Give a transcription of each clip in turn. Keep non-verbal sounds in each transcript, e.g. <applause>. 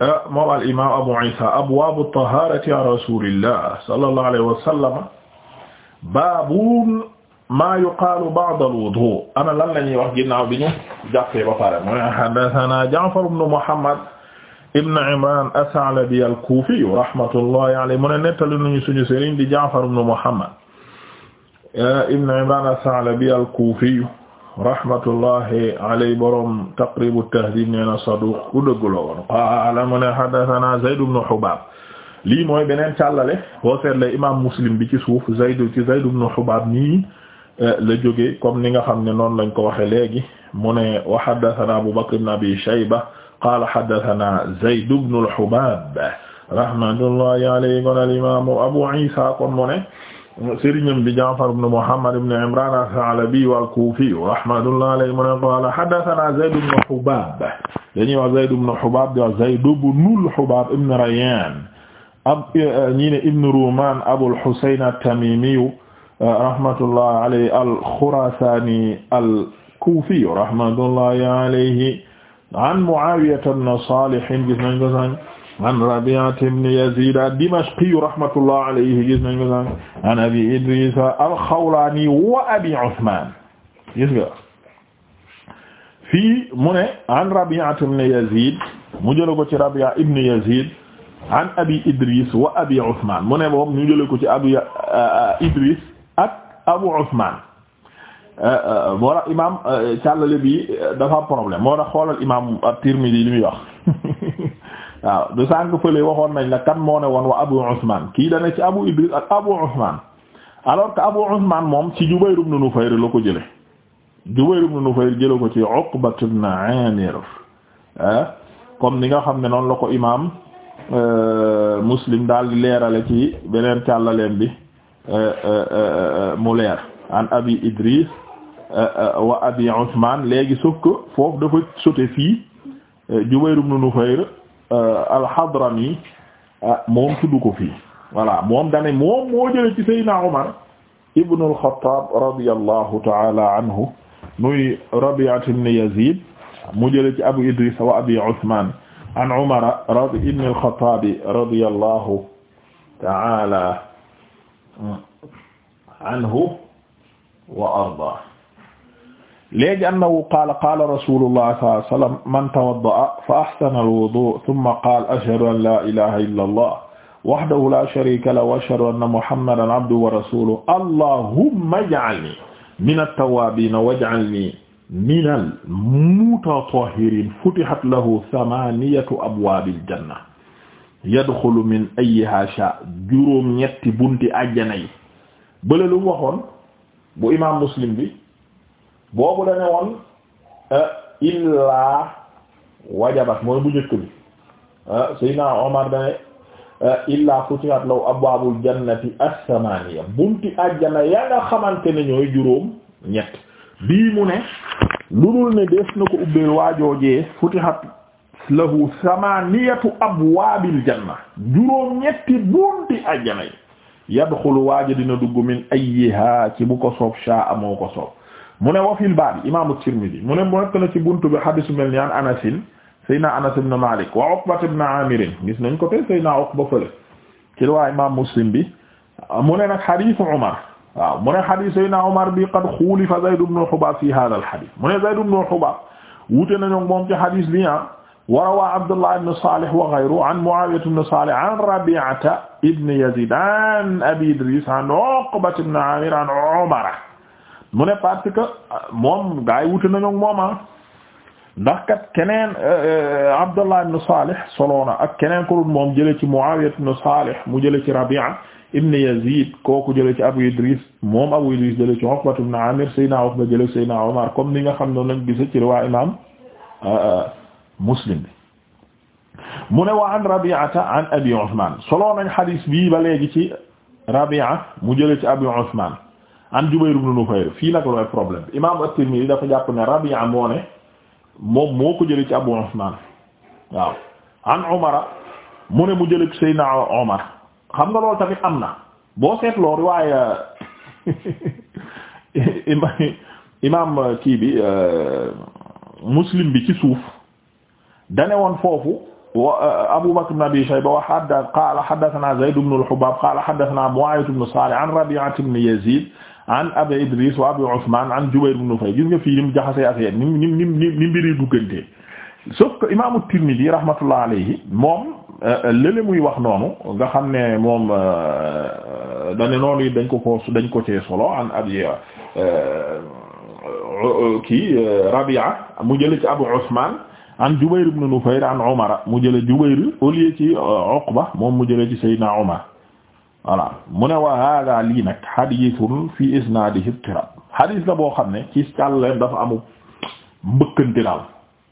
Eh, moom al imaam Abu Isa abwaabu tahaarati an rasuulillah sallallahu alayhi wa sallam baabu maa yuqaalu ba'da al-wuduu ana lan la ñuy wax ginnaaw bi ñu jàppee ba pare mu ne haddasanaa Ja'far ibn Muhammad ibn Imraan as-Sa'labi al-Kuufi rahmatullahi alayhi mu ne nettali nañu suñu sëriñ di Ja'far ibn Muhammad eh, ibn Imraan as-Sa'labi al-Kuufi rahmatullahi alay borom taqribu tahdib nee na saduq ku dëggula woon qaala mu ne hadathana zayd ibn hubaab lii mooy beneen càllale boo seetle imam muslim bi ci suuf zayd ci zayd ibn hubaab nii eh, la jóge comme ni nga xam ne noonu lañ ko waxe léegi mu ne wa hadathana abu bakr ibn abi shayba qaala hadathana zayd ibn al-hubaab rahmatullahi alayhi kon al imam abu isa kon mu ne sëriñam bi Ja'far ibn Muhammad ibn Imran al-Tha'labi al-Kufi rahmatullah alayhi mu ne qala haddathana Zayd ibn Hubaab dañuy wax Zayd ibn Hubaab di wax Zayd ibn Hubaab ibn Rayyan ab ñi ne ibn Ruman Abul Husayn at-Tamimi rahmatullah alayhi al-Khurasani al-Kufi rahmatullah alayhi an Mu'awiya ibn Salih gis nañ ko an Rabi'ata ibn Yazid ad-Dimashqi rahmatullah alayhi gis nañ ko sànq an Abi Idris al-Khawlani wa Abi Uthman gis nga fii mu ne an Rabi'ata ibn Yazid mu jële ko ci Rabi'a ibn Yazid an Abi Idris wa Abi Uthman mu ne moom ñu jële ko ci Abi uh, uh, Idris ak Abu Uthman uh, moo tax imaam càllale bi dafa am problème moo tax xoolal imaam at-Tirmidhi li muy wax <laughs> waaw du sànq fële waxoon nañ la kan moo ne woon wa Abu Usman kii dana ci Abu Idris ak Abu Usman alors que Abu Usman moom ci Jubayr ibn Nufayr la ko jële Jubayr ibn Nufayr jële ko ci Uqba ibn Amir comme ni nga xam ne noonu la ko imaam euh, Muslim daal di leerale ci beneen càllaleem bi euh, euh, mu leer an Abi Idris wa Abi Usman léegi sauf que foofu dafa sote fii Jubayr ibn Nufayr Euh, al-Hadrami ah, moom tudd ko fii voilà moom dane moom moo jële ci Seydina Umar ibn al-Khattab radiyallahu ta'ala anhu muy Rabi'a ibn Yazid mu jële ci Abu Idris wa Abi Uthman an Umar ibn al-Khattab radiyallahu ta'ala anhu wa arda léegi annahu qaala qaala rasulullah sallallahu alayhi wa sallam man tawadda'a fa ahsana al-wudu' thumma qaala ashhadu an la ilaha illa allah wahdahu la sharika lahu wa ashhadu anna muhammadan abduhu wa rasuluhu allahumma ij'alni min at-tawwabin waj'alni min al-mutatahhirin futihat lahu thamaniyatu abwabil janna yadxulu min ayyiha sha juróom ñetti bunti àjjana yi bële lu mu waxoon bu imaam muslim bi boobu da ne euh, illaa wajabat mooy bu njëkk bi euh, Seydina Omar da ne euh, illaa futihat law abwaabul jannati as-samaniya bunti àjjana ya nga xamante ne ñooy juróom ñett bii mu ne lu dul ne des na ko ubbeel waajoojee futihat lahu samaniyatu abwaabil janna juróom ñetti bunti àjjana yi yadxulu waaja dina dugg min ayyiha ci bu ko soob shaa ko soob mu ne wa fil baab imaamu Tirmidi mu ne mu nekk na ci buntu bi hadisu mel ni an Anasin Seydina Anas ibn Malik wa Uqbat ibn Amir gis nañ ko te Seydina Uqba fële ci riwaaya imaam Muslim bi mu ne nag hadisu Umar waaw mu ne hadis Seydina Umar bi qad xulifa Zayd ibn Hubaab fi haadha al-hadiis mu ne Zayd ibn Hubaab wuute nañu moom ci hadis bi ah wa rawaa Abdullah ibn Salih wa ghayruhu an Mu'aawiya ibn Salih an Rabi'ata ibn Yaziid an Abi Idriis an Uqbat ibn Amir an Umar mu ne parce que euh, moom gaa yi wute nañu moom ah ndax kat keneen euh, euh, Abdullah ibn Salih soloona ak keneen ku dul moom jële ci Muawiya ibn Salih mu jële ci Rabi'a ibn Yazid kooku jële ci Abu Idris moom Abu Idris jële ci Uqba ibn Amir Seydina Uqba jële ci Seydina Omar comme ni nga xam ne lañ gise ci riwaa imam Muslim mu ne wa an Rabi'ata an Abi Uthman soloo nañ xadiis bii ba léegi ci Rabi'a mu jële ci Abi an Jubayr ibn Nufayr fii nag looy problème imaam at-Tirmidhi dafa jàpp ne Rabi'a moo ne moom moo ko jëlee ci Abu Usman waaw an Umar mu ne mu jëlee ci Seydina xam nga loolu tamit am na boo seetloo riwaay <laughs> imaam kii bi euh, Muslim bi ci suuf dane woon foofu. Uh, Abu Bakr ibn Abi Shayba wa hadda qaala haddathana Zayd ibn al-Hubbab qaala haddathana Mu'awiya ibn Salih an Rabi'a ibn Yazid an Abi Idris wa Abi Uthman an Jubayr ibn Nufayl gis nga fii ni mu jaxasee affaire ni mu ni mu ni mu mbiri duggante sauf que imaamu Tirmidhi rahmatullah alayhi moom uh, uh, lële muy wax noonu nga xam ne moom dañ ne noonu it dañ ko ko dañ ko cee solo an Abi kii Rabi'a mu jëlee ci Abu Uthman an Jubayr ibn Nufayr an Umar mu jële Jubayr au lieu ci euh, Uqba moom mu jële ci Seydina Umar voilà mu ne wa hada lii nag hadithun fi isnadihi tirab hadith la boo xam ne ci càlleen dafa amu mbëkkante daal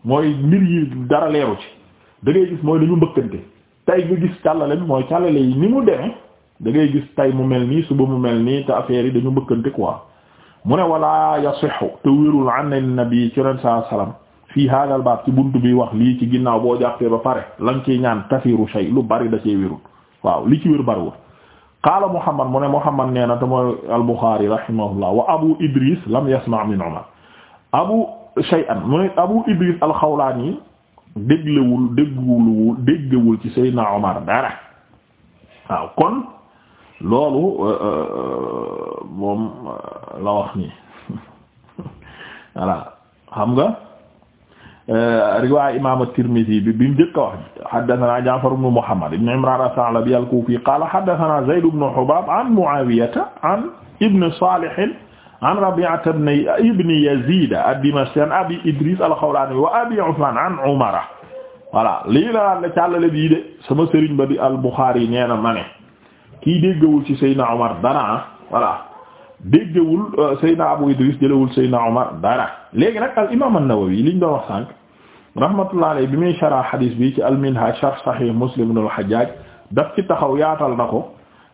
mooy mbir yi dara leeru ci da gis mooy dañu mbëkkante tey nga gis càllale bi mooy càllale yi ni mu demee da ngay gis tey mu mel nii suba mu mel nii te affaire yi dañu mbëkkante quoi mu ne wala yasixu te wérul an nabi ci ren saa salaam fii haagal baab ci bunt bi wax lii ci ginnaaw boo jàppee ba pare la nga ciy ñaan kasiiru shay lu bari da cee wérul waaw li ci wér bariwul qaala Muhammad mu ne Muhammad nee na te mooy al-Bukhari rahimahullah wa Abu Idris lam yasma' min Umar Abu shay'an mu ne Abu Idris al ci Seydina Omar dara waaw kon loolu euh, euh, moom euh, la wax nii <laughs> voilà xam nga. Euh, riwaay imaam at-Tirmidhi bi bi mu njëkk a wax haddathana Ja'far ibn Muhammad ibn Imran as-Sa'labi al-Kufi qala haddathana Zayd ibn Hubab an Mu'awiyata an ibn Salih an Rabi'ata ibn Yazid ad-Dimashqi an Abi Idris al-Khawlani wa Abi Uthman an Umara voilà lii la la càllale bii de sama sëriñ ba di al-Bukhari nee na ma ne kii déggawul ci Seydina Umar dara ah, voilà déggewul euh, Seydina Abu Idris jëlewul Seydina Omar dara léegi nag al imaam an-Nawawi liñ doon wax sànq rahmatullah alayhi bi muy sharh hadis bi ci al-Minhaj sharh Sahih Muslim ibn al-Hajjaj daf ci taxaw yaatal na ko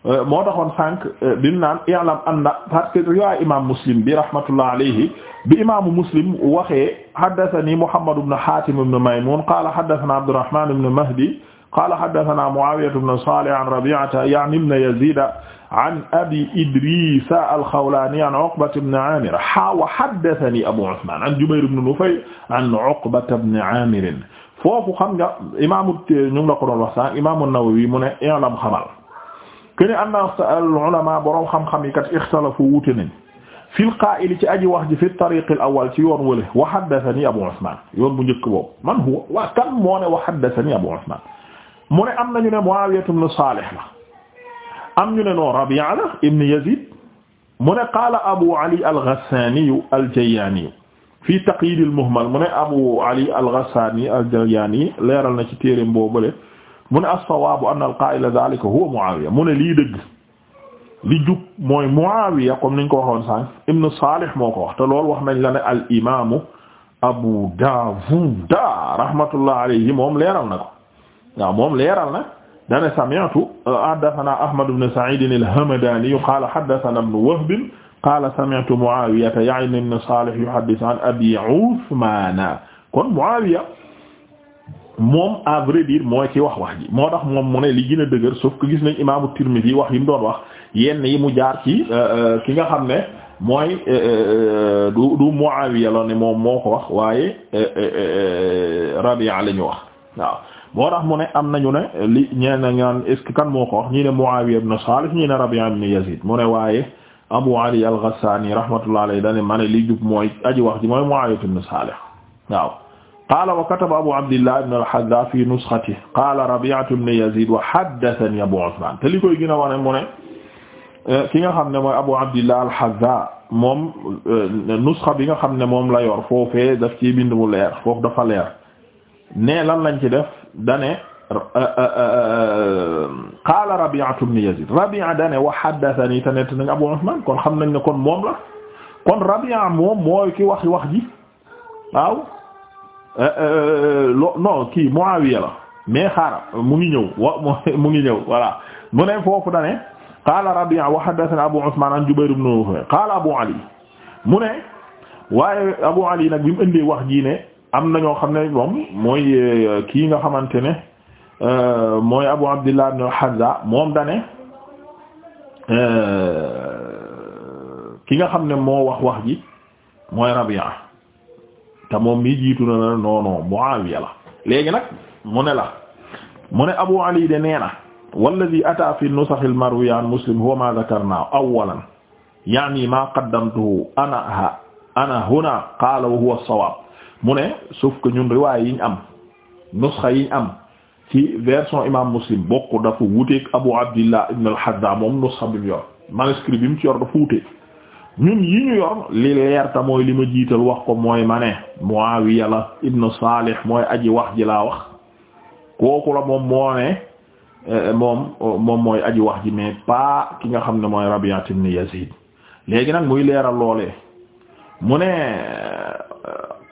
euh, moo taxoon sànq euh, bi mu naan i'lam anna parce que riwaaya imaam Muslim bi rahmatullah alayhi bi imaamu Muslim waxee haddathani Muhammad ibn Hatim ibn Maymun qala haddathana Abdurrahman ibn Mahdi qala haddathana Muawiya ibn Salih an Rabi'ata ya'ni ibn Yazid an abi idrisa alxawlaani an oqbata bne amir haa wa haddathani abu usman an jubayr ibn nufayl an oqbata bne amirin foofu xam nga imamu ñu ngi la ko doon wax sax imamu nawawi mu ne i'lam xamal kene anna al ulama boroom xam-xam yi kat ixtalafu wuute nañ fil qaa'ili ci aji wax ji fi tariq al awwal ci yoon wële wa haddathani abu usman yoon bu njëkk boobu man huwa waa kan moo ne wa haddathani abu usman mu ne am nañu ne muawiyah ibn salih la am ñu ne noo Rabi'a la ibn Yazid mu ne qaala Abu Ali al-Ghassani al-Jayani fii Taqyid al-Muhmal mu ne Abu Ali al-Ghassani al-Jayani leeral na ci téereem boobule mu ne as-sawaabu anna al-qaa'ila dhaalika huwa Mu'aawiya mu ne lii dëgg li jub mooy Mu'aawiya comme niñ ko waxoon sànq ibn Saalih moo ko wax te loolu wax nañ la ne al-imaamu Abu Daawuda rahmatullah alayhi moom leeral na ko leeral na. dane sami'tu haddathana Ahmad ibn Sa'id al-Hamdani qala haddathana ibn Wahb qala sami'tu Mu'awiya ya'ni ibn Salih yuhaddithu an Abi Uthman kon Mu'awiya moom à vrai dire moo ci wax wax ji moo tax moom mu ne li gën a dëgër sauf que gis nañ imaamu Tirmidhi wax yi mu doon wax yenn yi mu jaar ci euh, euh, ki nga xam ne mooy euh, du du Muawiya la ne moom moo ko wax waaye Rabi'a la ñu wax waaw boo tax mu ne am nañu ne li ñeen naan est kan moo ko wax ñii ne Muawiya ibn Salih ñii ne Rabi'a ibn Yazid mu ne waaye Abu Ali al-Ghassani rahmatullahi alayhi dane ma ne li jub mooy aji wax ji mooy Muawiya ibn Salih waaw qaala wa kataba Abu Abdillah ibn al-Hadda fi nusxatihi qaala Rabi'a ibn Yazid wa haddathani Abu Uthman te li gën a wane mu eh, ki nga xam ne mooy Abu Abdillah al-Hadda moom eh, nusxa bi nga xam ne moom la yor foofee daf ci bind mu leer foofu dafa leer ne lan lañ ci def dane e, e, e, qaala rabi'atu ibn yazid rabi'a dane wa haddathani te abu usman kon xam nañ ne kon moom la kon rabi'a moom mooy ki waxi wax ji waaw lo non kii la mais xaara mu ngi ñëw wa mu ngi ñëw voilà mu ne foofu dane qaala rabi'a wa haddathana abu usman an jubayr ibn qaala abu ali mu ne waaye abu ali nag bi mu ëndee wax ji ne am na ñoo xam ne moom mooy euh, kii nga xamante ne euh, mooy Abu Abdillah ibn Hazza moom dane euh, ki nga xam ne moo wax wax ji mooy Rabi'a te moom mii jiitu na la non non Muawiya la léegi nag mu ne la mu ne Abu Ali de nee na walladhi ata fi nusakh al Muslim huwa ma dhakarna awwalan yani ma qaddamtuhu ana ana huna qala wa huwa as mu ne sauf que ñun riwaay yiñ am nusxa yiñ am ci version imam muslim bokk dafa wuteeg abu abdillah ibn al-hadda moom nusxa bi mu yor manuscrit bi mu ci yor dafa wuteeg ñun yi ñu yor li leer ta mooy li ma jiital wax ko mooy ma ne muawiya la ibn salih mooy aji wax ji laa wax kooku la moom moo ne eh, moom mooy aji wax ji mais paa ki nga xam ne mooy rabiat ibn léegi nag muy leeral loolee mu ne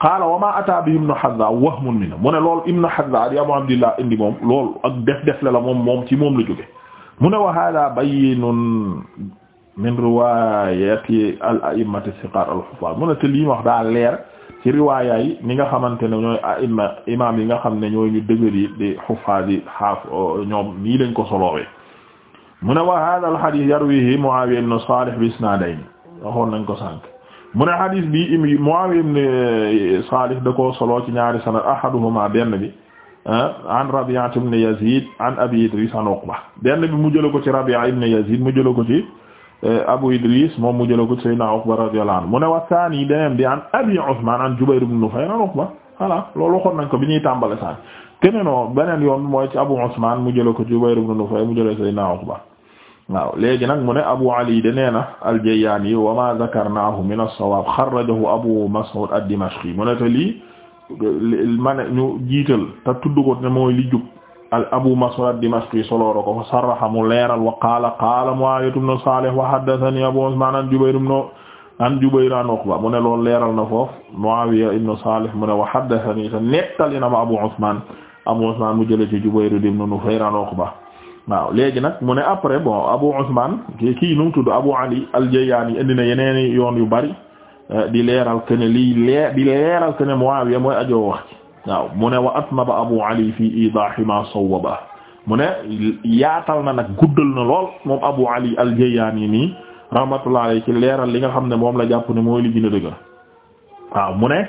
qaala wa ma ata bi ibnu Hazza wahmun min mu ne loolu ibnu Hazza di Abu Abdillah indi moom loolu ak def def la la moom moom ci moom la jóge mu ne wa hada bayyinun min riwayati al a'immati siqat al huffaz mu ne te lii wax daa leer ci riwaaya yi ni nga xamante ne ñooy a'imma imam yi nga xam ne ñooy ñu dëgër yi di huffaz yi xaaf ñoom nii lañ ko soloowee mu ne wa hada al hadith yarwihi Muawiya ibn Salih bi isnadayn waxoon nañ ko sànk mu ne hadis bi im Muawiya ibn Salih da koo solo ci ñaari sanad ahaduhuma benn bi ah, an Rabi'a ibn Yazid an Abi Idris an Uqba benn bi mu jëla ko ci Rabi'a ibn Yazid mu jëla ko ci eh, Abu Idris moom mu jëla ko ci Sayyidina Uqba radiyallahu anhu mu ne wa thani beneen bi an Abi Uthman an Jubayr ibn Nufayr an Uqba voilà loolu waxoon nañ ko bi ñuy tàmbale saan keneen beneen yoon mooy ci Abu Uthman mu jëla ko ci Jubayr ibn Nufayr mu jëla Sayyidina Uqba waaw léegi nag mu ne Abu Ali de nee na al-Jayyaani wa ma zakarnaahu min as-sawaab xarrajahu Abu Mas'ud ad-Dimashqi mu ne te lii ma ne ñu jiital te tudd ko ne mooy li jub al Abu Mas'ud ad-Dimashqi soloora ko sarraha mu leeral wa qaala qaala Mu'aawiya ibn Saalih wa haddathanii Abu Usmaan an Jubayr ibn an Jubayr an Uqba mu ne loolu leeral na foofu Mu'aawiya ibn Saalih mu ne wa haddathanii te nettali na ma Abu Usmaan Abu Usmaan mu jële ci Jubayr ibn Nufayr an Uqba waaw léegi nag mu ne après bon Abu Usman kii nu mu tudd Abu Ali al-Jayani indi na yeneen yoon yu bari eh, di leeral que ne lii lee di leeral que ne Muawiya mooy ajoo wax waaw mu ne wa atnaba Abu Ali fi idahi ma sawwaba mu ne yaatal na nag guddal na lool moom Abu Ali al-Jayani nii rahmatullahi alayhi ci leeral li nga xam ne moom la jàpp ne mooy li gën dëgër waaw mu ne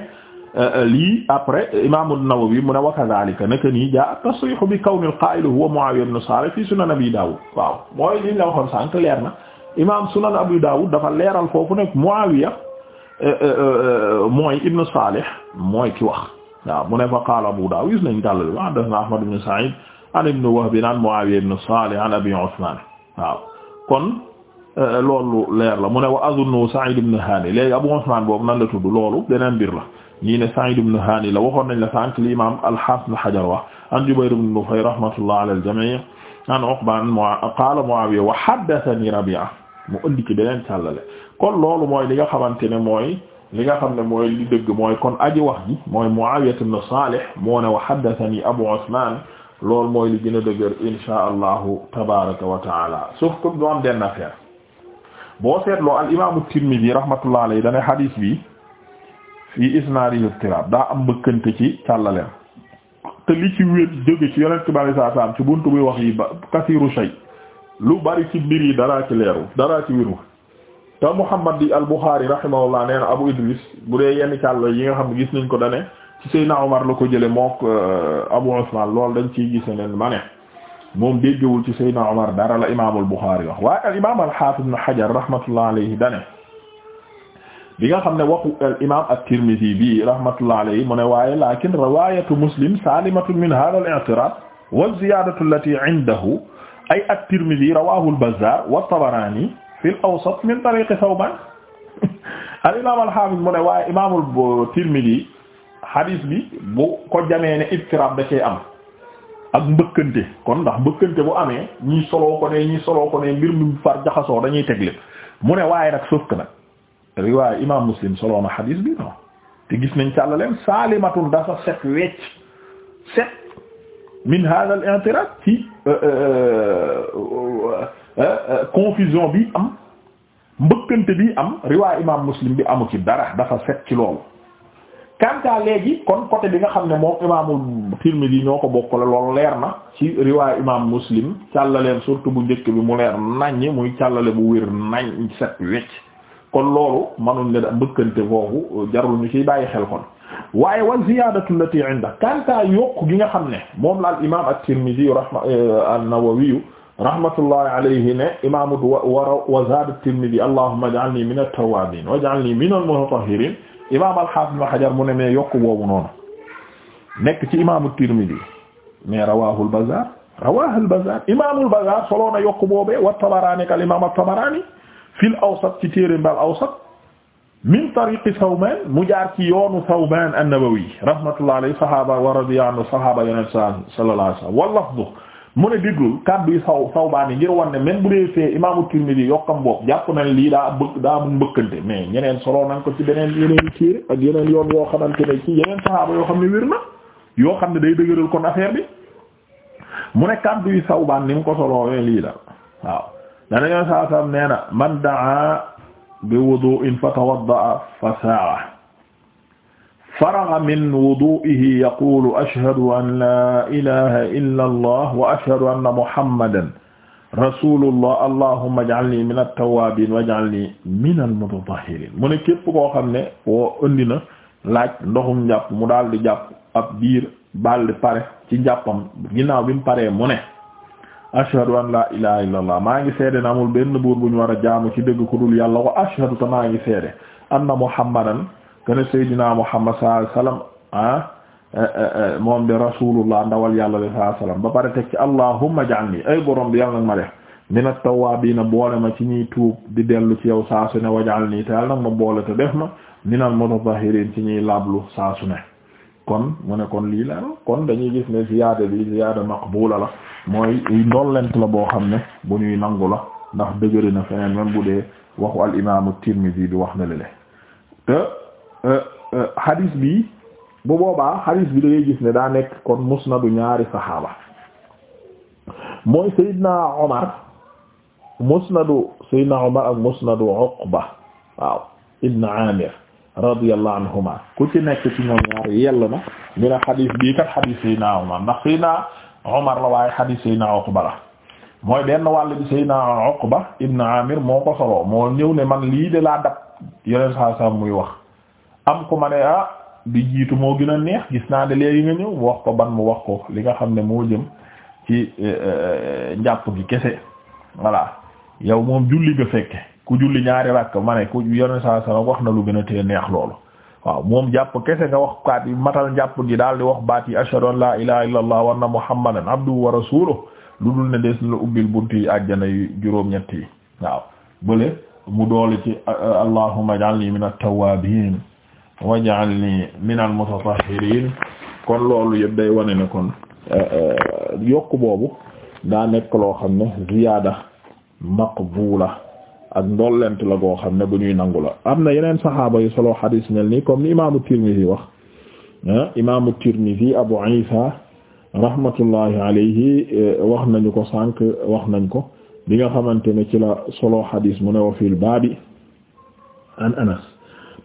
Euh, euh, lii après euh, imam an-Nawawi mu ne wa kadhalika naka nii jaa tasrihu bi kawni al-qa'il huwa Muawiya ibn Salih fi sunan Abi Dawud waaw mooy liñ la waxoon sànq leer na imam sunan Abi Dawud dafa leeral foofu nag Muawiya mooy ibn Salih mooy ki wax waaw mu ne fa qaala Abu Dawud gis nañ tàllal wa haddathana Ahmad ibn Sa'id an ibn Wahb an Muawiya ibn Salih an Abi Uthman waaw kon loolu leer la mu ne wa azunnu Sa'id ibn Hani léegi Abu Uthman boobu nan la tudd loolu beneen mbir la ñii ne Sa'id ibn Hani la waxoon nañ la sànq li imam al-Hafiz ibn Hajar wax an Jubayr ibn Nufay rahmatullah ala al-jami' an Uqba qala Muawiya wa haddathani Rabi'a mu indi ci beneen càllale kon loolu mooy li nga xamante ne mooy li nga xam ne mooy li dëgg mooy kon aji wax ji mooy Muawiya ibn Salih moo ne wa haddathani Abu Usman loolu mooy li gën a dëgër insha allahu tabaraka wa taala sauf que do am benn affaire boo seetloo al imam at-Tirmidhi rahmatullah alayhi dane hadith bi fii isnaadi tirab daa am mbëkkante ci càllaleem te li ci wér jóge ci yonent bari saa saam ci buntu buy wax yi ba kasiiru shay lu bari ci mbir yi daraa ci leeru daraa ci wéru te Muhammad di al-Bukhari rahimahullah nee na Abu Idris bu dee yenn càllal yi nga xam ne gis nañ ko dane ci Seydina Omar la ko jële moo euh, Abu Usman loolu dañ ciy gise ne ma ne moom déggewul ci Seydina Omar dara la imaamul Bukhari wax waaye al imaam al-Hafiz Ibn Hajar rahmatullah alayhi dane bi nga xam ne waxu al imam at-Tirmidhi bi rahmatullah alayhi mu ne waaye lakin riwayatu muslim salimatun min hadha al-i'tirad wa az-ziyadatu allati indahu ay at-Tirmidhi rawahu al-Bazzar wa at-Tabarani fi al-awsat min tariq Thawban <laughs> al-imam al-hafiz mu ne waaye imam at-Tirmidhi hadith bi bu ko jamee ne i'tirad da cay am ak mbëkkante kon ndax mbëkkante bu amee ñii soloo ko ne ñii soloo ko ne mbir mu far jaxasoo dañuy tegle mu ne waaye nag sauf que nag riwaay imaam muslim soloona xadiis bi non te gis nañ càllaleem saalimatun dafa set wecc set min hada al i'tirad ci euh, euh, euh, confusion bi am mbëkkante bi am riwaay imaam muslim bi amu ci dara dafa set ci loolu kanta léegi kon côté bi nga xam ne moom imaamul Tirmidhi ñoo ko bokkale loolu leer na ci riwaay imaam muslim càllaleen surtout bu njëkk bi mu leer naññ muy càllale bu wér nañ set wecc kon loolu manuñ ne da mbëkkante foofu jarul ñu ciy bàyyi xel kon waaye wa ziyadatu allati inda kanta yokk gi nga xam ne moom la al imam at-Tirmidhi rahma euh, an-Nawawi rahmatullahi alayhi ne imamu wara wa zada at-Tirmidhi allahumma ij'alni min at-tawwabin waj'alni min al-mutatahhirin imam al-Hafiz Ibn Hajar mu ne mais yokk boobu noonu nekk ci imam at-Tirmidhi mais rawahu al-Bazzar rawahu al-Bazzar imam al-Bazzar soloona yokk boobee wa at-Tabarani kal imam at-Tabarani fil awsat ci téere mbal awsat min tariqi Thawban mu jaar ci yoonu Thawban an-Nawawi rahmatullahi alayhi sahaaba wa radiya anhu sahaaba yonent sallallahu alayhi wa lafdu mu ne déglul kàddu yi saw Thawban yi ngir wan ne même bu dee fee imaamu Tirmidhi yokkam bopp jàpp nañ lii daa bëgg daa mu mbëkkante mais ñeneen solo nañ ko ci beneen yeneen téere ak yeneen yoon yoo xamante ne ci yeneen sahaaba yoo xam ne wér na yoo xam ne day dëgëral kon affaire bi mu ne kàddu yi Thawban ni mu ko solo lii la waaw dana yoon saa saam nee na man daa bi wudu'in fa tawadda'a fa sa'a faragha min wudu'ihi yaqulu ashhadu an la ilaha illa allah wa ashhadu anna muhammadan rasulullah allahumma ij'alni min min al-mutatahhirin mu ne képp koo xam ne woo indi na laaj ndoxum njàpp mu daal di jàpp ab biir di pare ci njàppam ginnaaw bi mu paree ashhadu an la ilaha illallah maa ngi seede ne benn buur bu ñu war a jaamu ci dëgg ku dul yàlla wa ashhadu te maa ngi seede anna muhammadan kana sayyidina muhammad sallallahu alayhi wasallam ah eh, eh, eh, moom de rasulullah ndawal yàlla de sallallahu alayhi ba pare teg ci allahumma ja'alni ay borom bi yàlla ma def min at-tawwabin boole ma ci ñuy tuub di dellu ci yow saa su ne waj'alni te yàlla nag ma boole te def ma min al ci ñuy laablu saa su kon mu ne kon lii laa kon dañuy gis ne ziyaada bi ziyaada maqbula la mooy ndollent la boo xam ne bu ñuy nangu la ndax dëgëri na feneen même bu dee waxu al imaamu Tirmidhi bi wax na lele te e, e, hadith bi bu boobaa hadith bi da gis ne daa nekk kon musnadu ñaari saxaaba mooy Seydina Omar musnadu Seydina Omar ak musnadu Uqba waaw Ibn Amir radiyallahu anhuma ku ci nekk ci ñoom ñaar yell na ñu ne xadiis bii kat xadiis Seydina Omar ndax Seydina Omar la waaye xadiis Seydina Uqba la mooy benn wàll bi Seydina Uqba ibn Amir moo ko soloo moo ñëw ne man lii de laa dab yeneen saa saa muy wax am ku ma ne ah di jiitu moo gën a neex gis naa ne léegi nga ñëw wax ko ban mu wax ko li nga xam ne moo jëm ci eh, eh, eh, njàpp gi kese voilà yow moom julli nga fekke ku julli ñaari rakk ma ne ku yone saa saa wax na lu gën a tee neex loolu waaw moom jàpp kese nga wax kaat yi matal jàpp gi daal di wax baat yi ashhadu an la ilaha illa allah wa anna muhammadan abduhu wa rasuluhu lu dul ne des la ubbil bunt yi àjjana yu juróom-ñett yi waaw bële mu doole ci allahumma ij'alni min at-tawwabin waj'alni min al kon loolu yëpp day wane ne kon euh, euh, yokk boobu daa nekk loo xam ne ziyaada maqbula ak ndollent la goo xam ne bu ñuy nangu la am na yeneen saxaaba yu solo xadiis mel nii comme ni imaamu Tirmidhi wax ah, imaamu Tirmidhi Abu Isa rahmatullahi alayhi eh, wax nañu ko sànq wax nañ ko bi nga xamante ne ci la solo xadiis mu ne wa fil baabi an Anas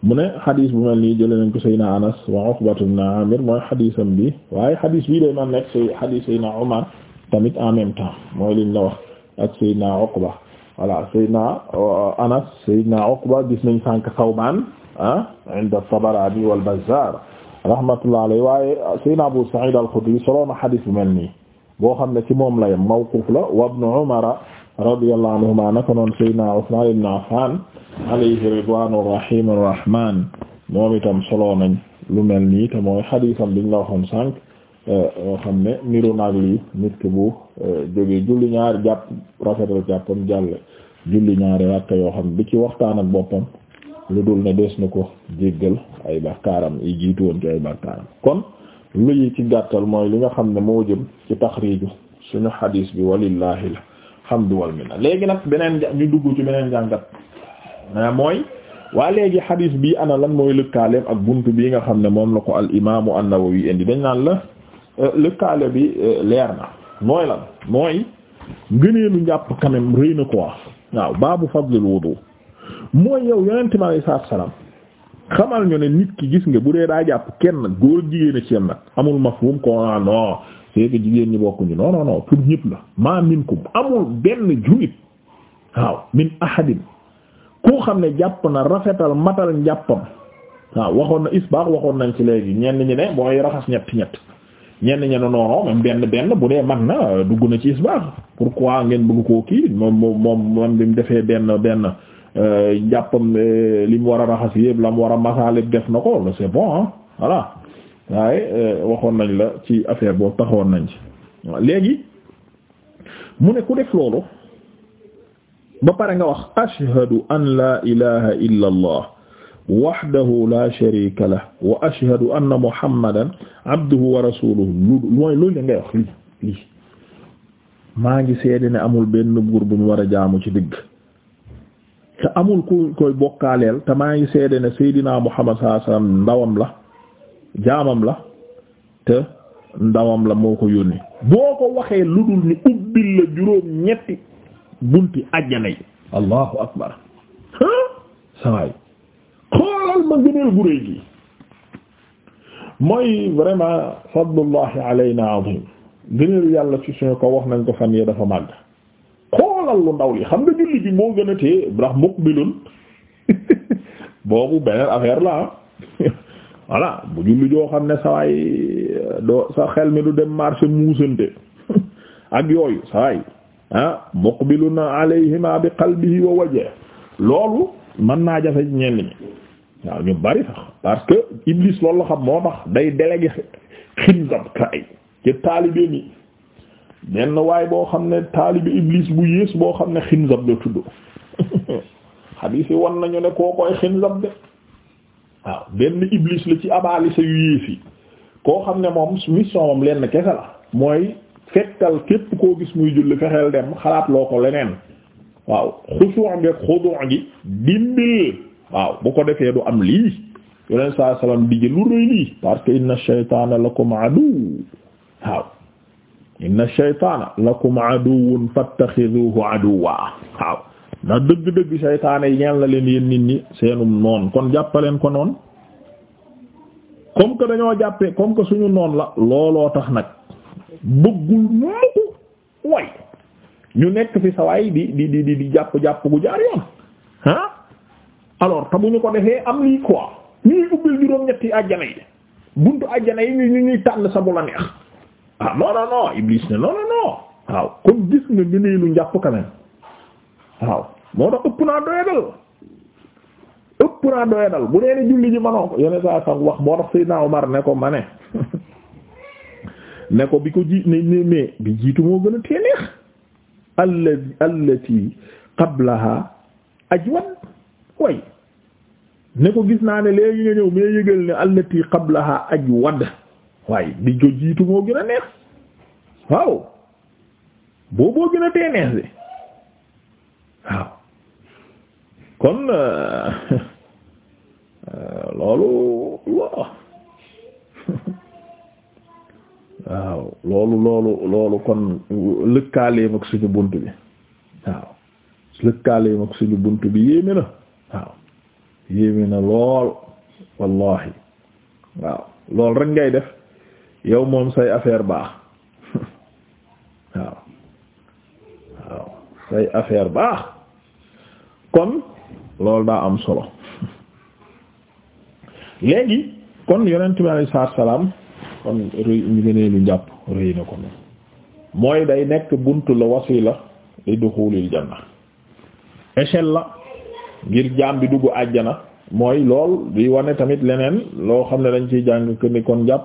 mu ne xadiis bu mel nii jële nañ ko Seydina Anas wa Uqbatu ibn Amir mooy xadiisam bi waaye xadiis bii day man nekk say xadiis Seydina Umar wax ak Seydina Uqba voilà Seydina euh, Anas Seydina Uqba gis nañ sànq Sawbaan ah inda Tabaraani wal Bazzaar rahmatullah alayhi waaye Seydina Abu Sa'id al-Khudri solo na xadis bu mel nii boo xam ne ci moom la yem mawquf la wa Ibnu Umar radiyallahu anhuma naka noonu Seydina Usmaan ibn Affaan alayhi ridwaanu rahiim rahmaan moom itam solo nañ lu mel nii te mooy la waxoon sànq eh, yoo xam ne niru eh, ñaar jàpp rafetal jàppam jàll julli ñaari rakka yoo xam bi ci waxtaan ak boppam lu dul ne des na ko jéggal ay bàkkaaram yi jiitu woon ci ay bàkkaaram kon lu yi ci gàttal mooy li nga xam ne moo jëm ci taxriiju suñu xadiis bi la xam du minna léegi nag beneen ñu dugg ci beneen jàngat mooy waa léegi xadiis bii ana lan mooy lëkkaaleem ak buntu bii nga xam ne moom la ko al imaamu an-Nawawi indi dañ naan la euh, lëkkaale bi euh, leer na mooy lan mooy ngëneelu njàpp quand même rëy na quoi waaw baabu fadlil wudu mooy yow yonent mi alayhi salaam xamal ñu ne nit ki gis nga bu dee daa jàpp kenn góor jigéen a ci yem nag amul mafhum ko ah non c'est jigéen ñi bokkuñu non non non pour ñëpp la maa minkum amul benn jullit waaw min ahadin koo xam ne jàpp na rafetal matal njàppam waaw waxoon na isbaax waxoon nañ ci léegi ñenn ñi ne mooy raxas ñett ñett. ñenn ñenn noonu même benn benn bu dee man na dugg na ci isbaax pourquoi ngeen bëgg koo kii moom moom moom bi mu defee benn benn euh, jàppam euh, li mu war a raxas yëpp la mu war a masalit def na ko c'est bon ah voilà waaye euh, waxoon nañ la ci affaire boobu taxawoon nañ ci léegi mu ne ku def loolu ba pare nga wax ashhadu an la ilaha illa wahdahu la sharika lah wa ashhadu anna muhammadan abduhu wa rasuluhu lu mooy loolu la ngay wax lii lii maa ngi seede ne amul benn buur bu ñu war a jaamu ci digg te amul ku koy bokkaaleel te maa ngi seede ne seydinaa muhammad sallallahu alayhi wasallam ndawam la jaamam la te ndawam la moo ko yónni boo ko waxee lu dul ni ubbil la juróom ñetti bunti àjjana yi allahu akbar sawaay xoolal ma gëneel gu gi mooy vraiment fadlullahi alayna azim gëneel yàlla ci suñu ko wax nañ ko fan yee dafa màgg xoolal lu ndaw li xam nga julli bi moo gën a tee ndax muqbilun <laughs> boobu beneen affaire la ah. <laughs> voilà bu julli joo xam ne sawaay doo sa xel mi du dem marché muusante <laughs> ak yooyu sawaay ah muqbilun alayhima bi qalbihi wa wajhihi loolu mën naa jafe ñenn ñi waaw ñu bari sax parce que Iblis loolu la xam moo tax day délégué xinzab kay ci taalibe mi benn waay boo xam ne taalibe Iblis bu yées boo xam ne xinzab la tudd <laughs> xadiis yi wan nañu ne koo koy xinzab de waaw benn Iblis la ci abaalisa yu yées yi koo xam ne moom mission moom lenn kese la mooy fekkal képp koo gis muy julli fexeel dem xalaat loo ko leneen waaw xusuux gi xuduux dimbil waaw bu ko defee du am lii yoneen saa salaam digge lu rëy lii parce que inna shaytaana lakum aduw waaw inna shaytaana lakum aduwwun fattaxiduhu aduwwa waaw ndax dëgg-dëgg shaytaana yi ñeel leen yéen nit ñi seenum noon kon jàppaleen ko noon comme que dañoo jàppee comme que suñu noon la looloo tax nag bëggul mukk way ñu nekk fi sawaay di di di jàpp jàpp gu jaar yoon alors te bu ñu ko defee am lii quoi ñu ñuy ubbil juróom-ñetti àjjana yi buntu àjjana yi ñu ñuy tànn sa bu la neex ah non non non ne non non waaw kon gis nga ngëneelu njàpp quand waaw moo tax ëpp naa doyadal ëpp naa doyadal bu nee ne julli ji manoo ko yeneen saa sax wax moo tax Seydina Omar ne ko ma ne <laughs> ne ko bi ko ji ne ne mais bi jiitu moo gën a tee neex allati allati qablaha ajwad way ne ko gis naa ne léegi nga ñëw mais yëgal ne allati qablaha ajwad waaye di jo jiitu moo gën a neex waaw booboo gën a tee bi waaw kon euh, euh, loolu loolu loolu kon lëkkaaleem ak suñu bunt bi waaw lëkkaaleem ak suñu bunt bi yéeme na waaw yéeme na lool wallahi waaw lool rek ngay def yow moom say affaire baax <laughs> waaw say affaire baax kon lool daa am solo <laughs> léegi kon yonent bi alayhi salaatu salaam kon rëy ñu gënee lu njàpp rëy na ko moom mooy day nekk bunt la wasila li duxulil janna échelle la ngir jaam bi dugg àjjana mooy lool di wane tamit leneen loo xam ne dañ ciy jàng que ni kon jàpp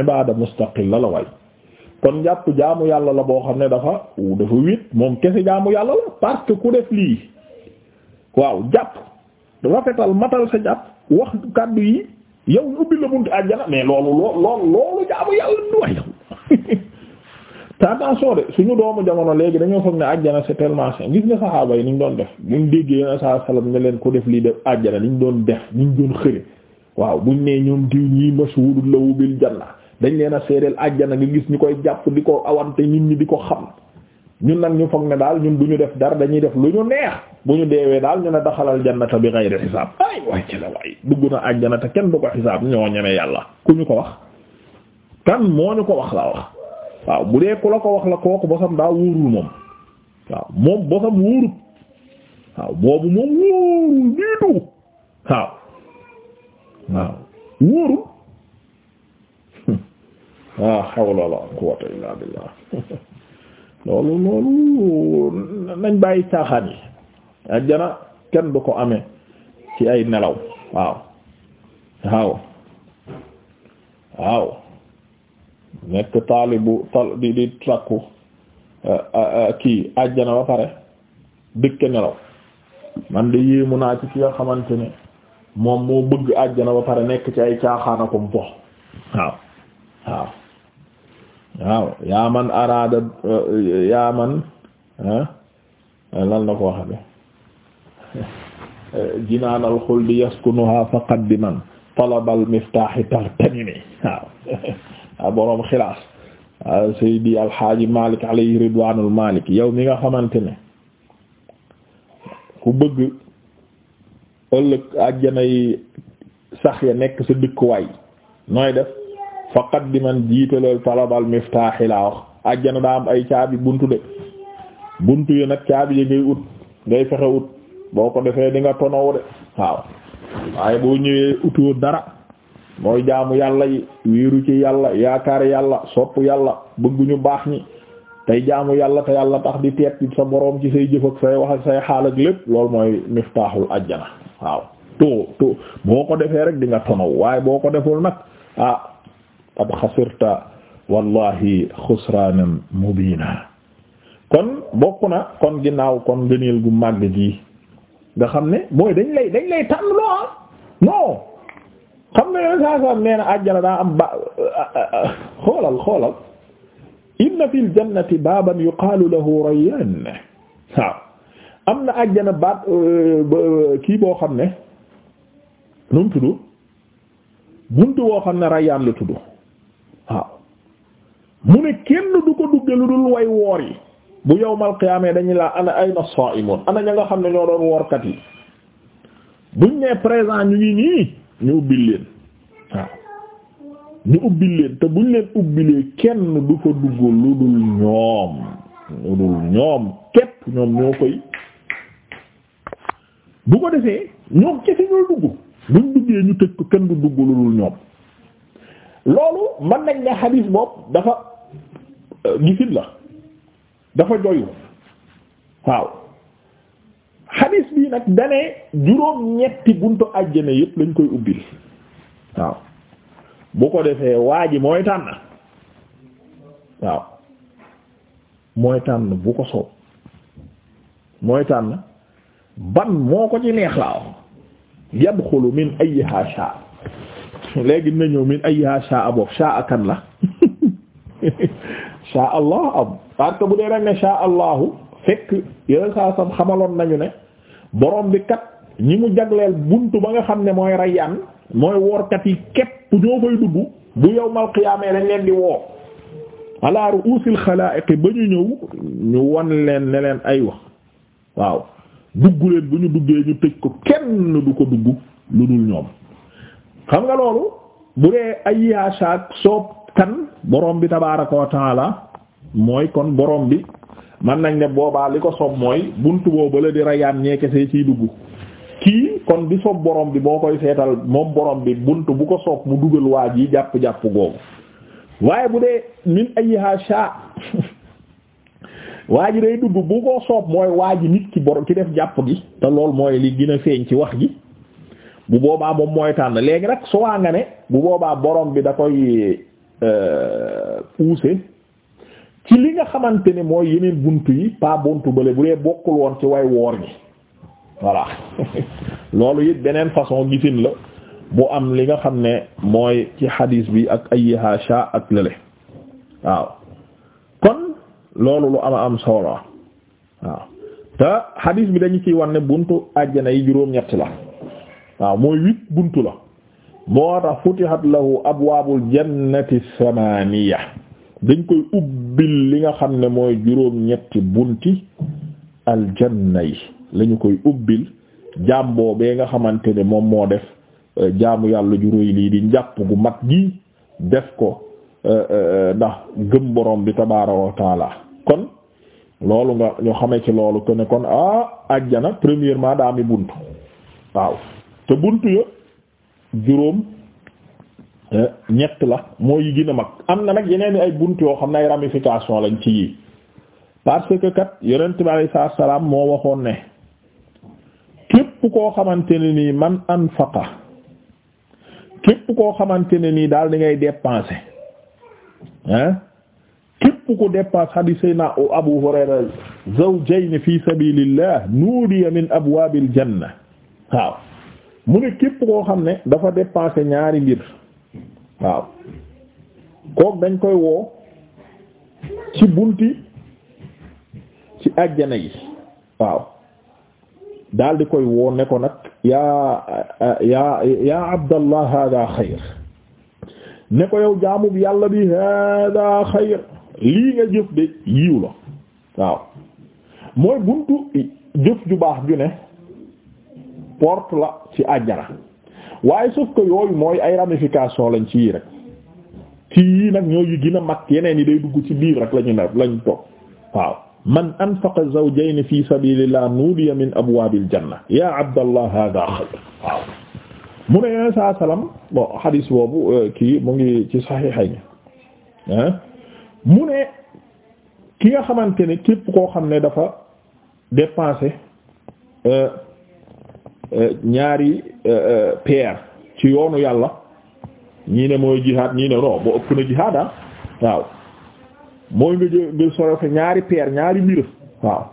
ibada mustaqil la la way kon jàpp jaamu yàlla la boo xam ne dafa dafa wit moom kese jaamu yàlla la parce que ku def lii waaw jàpp rafetal matal sa jàpp wax kàddu yi yow ubbi la buntu àjjana mais loolu loolu loolu jaamu yàlla du way <laughs> te attention de suñu doomu jamono léegi dañoo foog ne àjjana c'est tellement sain gis ni saxaaba yi ni ñu doon def buñ déggee yeneen saa salaam ne leen ko def lii def àjjana ni ñu doon def ni ñu doon xëre waaw buñ nee ñoom diw ñii mashhudul lahu bil janna dañ leen a seedeel àjjana nga gis ñu koy jàpp di ko awante nit ñi di ko xam ñun nag ñu foog ne daal ñun bu ñu def dara dañuy def lu ñu neex bu ñu deewee daal ñu ne daxalal jannata bi ghayri xisaab ay waay ci la waay dugg na àjjana te kenn du ko xisaab ñoo ñeme yàlla ku ñu ko wax kan moo ñu ko wax laa wax waaw bu dee ku la ko wax la kooku bosam daa wóorul moom waaw moom bosam wóorul waaw boobu moom wóorul diitu waaw waaw wóorul <laughs> ah hawla la quwwata illa <laughs> loolu loolu nañ bàyyi caaxaan yi ajjana kenn du ko ame ci ay nelaw waaw waaw nekk taalibu tal di di eh, eh, eh, kii àjjana ba pare dëkk nelaw man de yéemu naa ci ki nga xamante ne moom moo bëgg àjjana ba pare nekk ci ay caaxaana ko mpox waaw waaw waaw yaa man araada yaa man lan la ko waxade <laughs> jinaanal xuldi yaskunuha faqad bi man talabal miftaaxi tartanimi waaw <laughs> a ah, boroom xilaas ah, Seydi Alxaaji Malik alayhi ridwanul Malik yow mi nga xamante ne ku bëgg ëllëg àjjana yi sax ya nekk sa dëkkuwaay nooy def faqat di man jiitalool talabal miftaaxi laa wax àjjana daa am ay caabi buntu de buntu yi nag caabi yi ngay ut ngay fexe ut boo ko defee di tonow de waaw waaye boo ñëwee utiwut dara mooy jaamu yàlla yi wéeru ci yàlla yaakaar yàlla sopp yàlla bëgguñu baax ñi tey jaamu yàlla te yàlla tax di teet sa boroom ci say jëf say wax ak say xaal ak lépp loolu mooy miftaaxul ajjana waaw to to boo ko defee rek di nga tonaw waaye boo ko deful nag ah ab xasirta wallahi xusraanan mubiina kon bokk na kon ginnaaw kon ngëneel gu màgg gi nga xam ne mooy dañ lay dañ lay tànn loo ah non xam nga yeneen saa saa nee na daa am ba xoolal xoolal inna fil jannati baaban yuqaalu lahu rayyaan waaw am na àjjana baat euh, kii boo xam ne nu mu tudd buntu xam ne rayyaan la tudd waaw mu ne kenn du ko dugge lu dul way woor yi bu yawmal qiyaamee dañu laa ana ayna saa'imuun ana ña nga xam ne ñoo doon woorkat yi buñ ne présent ñu ngi nii ñu ubbil leen waaw ñu ubbil leen te buñ leen ubbilee kenn du fa dugg lu dul ñoom lu dul ñoom képp ñoom ñoo koy bu ko defee ñoom kese ñooy dugg buñ duggee ñu tëj ko kenn du dugg lu dul ñoom loolu mën nañ ne xadiis boobu dafa gisit la dafa joyu waaw xadis bi nag danee juróom ñetti buntu àjjana yëpp lañ koy ubbil waaw bu ko defee waa ji mooy tànn waaw mooy tànn bu ko soob mooy tànn ban moo ko ci neex laa wax yadxulu min ayyiha sha léegi na ñëw ayyiha sha boob sha kan la <laughs> sha allah am parce bu dee nag ne sha allahu fekk yeneen saa sam xamaloon nañu ne borom bi kat ñi mu jagleel buntu ba nga xam ne mooy rayyaan mooy workat yi képp ñoo fay dugg bu yawmal qiyaamee dañ leen di woo ala xalaa xalaa'iq ba ñu ñëw ñu wan leen ne leen ay wax waaw dugg leen bu ñu duggee ñu tëj ko kenn du ko dugg lu dul ñoom xam nga loolu bu dee ay yaashaak soob kan boroom bi tabaaraka wa mooy kon boroom bi man nañ ne boobaa li ko sob mooy buntu boobu la di rayaan kese ciy dugg kii kon di sob borom bi boo koy seetal moom borom bi buntu bu ko sob mu dugal waa ji jàpp-jàpp googu waaye bu dee min ayyiha sha <laughs> waa ji day dugg bu ko soob mooy waa ji nit ki borom ci def jàpp gi te lool mooy li gën a feeñ ci wax ji bu boobaa moom mooy tànn léegi nag su waa nga ne bu boobaa borom bi da koy euh, pousser ci li nga xamante ne mooy yeneen buntu yi pas buntu bële bu dee bokkul woon ci way woor gi voilà <laughs> loolu it beneen façon gisin la bu am li nga xam ne mooy ci xadis bi ak ayyiha sha ak lële waaw kon loolu lu ama am solo waaw te xadiis bi dañu ciy wan bunt buntu àjjana yi juróom-ñett la waaw mooy huit buntu la moo tax futihat lahu abwaabul jannati samaniya dañ koy ubbil li nga xam ne mooy juróom ñetti bunti aljanna yi lañu koy ubbil jaam boobee nga xamante ne moom moo def euh, jaamu yàlla juróoy lii di njàpp gu mat gi def ko euh, euh, ndax gëm borom bi tabaaraka kon loolu nga ñu xame ci loolu ko kon ah ajjana premièrement daa mi bunt waaw te bunt ya juróom Eh, ñett la moo yi gën mag am na nag yeneen ay bunt yoo xam ne ay ramification lañ ci yi parce que kat yonent bi alayhi moo waxoon ne képp koo xamante ne nii man anfaqa képp koo xamante ne nii daal di ngay dépenser ah képp ku dépense hadith sayna Abu Hurayra zawjayn fi sabilillah nudiya min abwabil janna waaw mu ne képp koo xam ne dafa dépenser ñaari mbir waaw kook dañ koy woo ci bunti ci àjjana yi waaw daal di koy woo nekko nag yaa yaa yaa abdallah hada xayr ne ko yow jaamub yàlla bi hada xayr lii nga jëf de yiw la waaw mooy buntu jëf ju baax ju ne porte la ci àjjana waaye sauf que yooyu mooy ay ramification lañ ci yii rek kii yii nag ñoo yu gën a mag yeneen yi day dugg ci biir rek lañu ne lañ toog waaw man anfaqa zawjayn fi sabilillah nudiya min abwabil janna ya abdallah hada xayr waaw mu ne yoneen saa salaam bon xadiis boobu euh, kii mu ngi ci saxiixay ni mu ne ki nga xamante ne képp koo xam ne dafa dépensé euh, ñaari euh, euh, paire ci yoonu yàlla ñii ne mooy jihaad ñii ne non boo ëpp na jihaad ah waaw mooy nga jël nga solo fa ñaari paire ñaari mbir waaw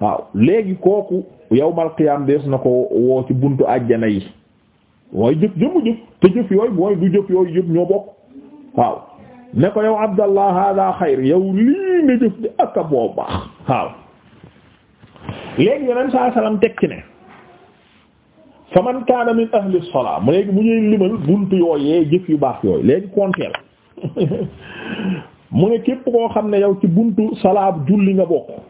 waaw léegi kooku yawmal qiyaam dees na ko woo ci buntu àjjana yi waaye jëf jëf te jëf yooyu mooy du jëf yooyu yëpp ñoo bokk waaw ne ko yow abdallah hada xayr yow lii nga jëf di ak a waaw léegi yeneen saa salaam tekki ne fa man kaana min ahli salaa mu léegi mu ñuy limal buntu yooyee jëf yu baax yooyu léegi konteel <laughs> mu ne képp koo xam ne yow ci buntu salaa julli nga bokk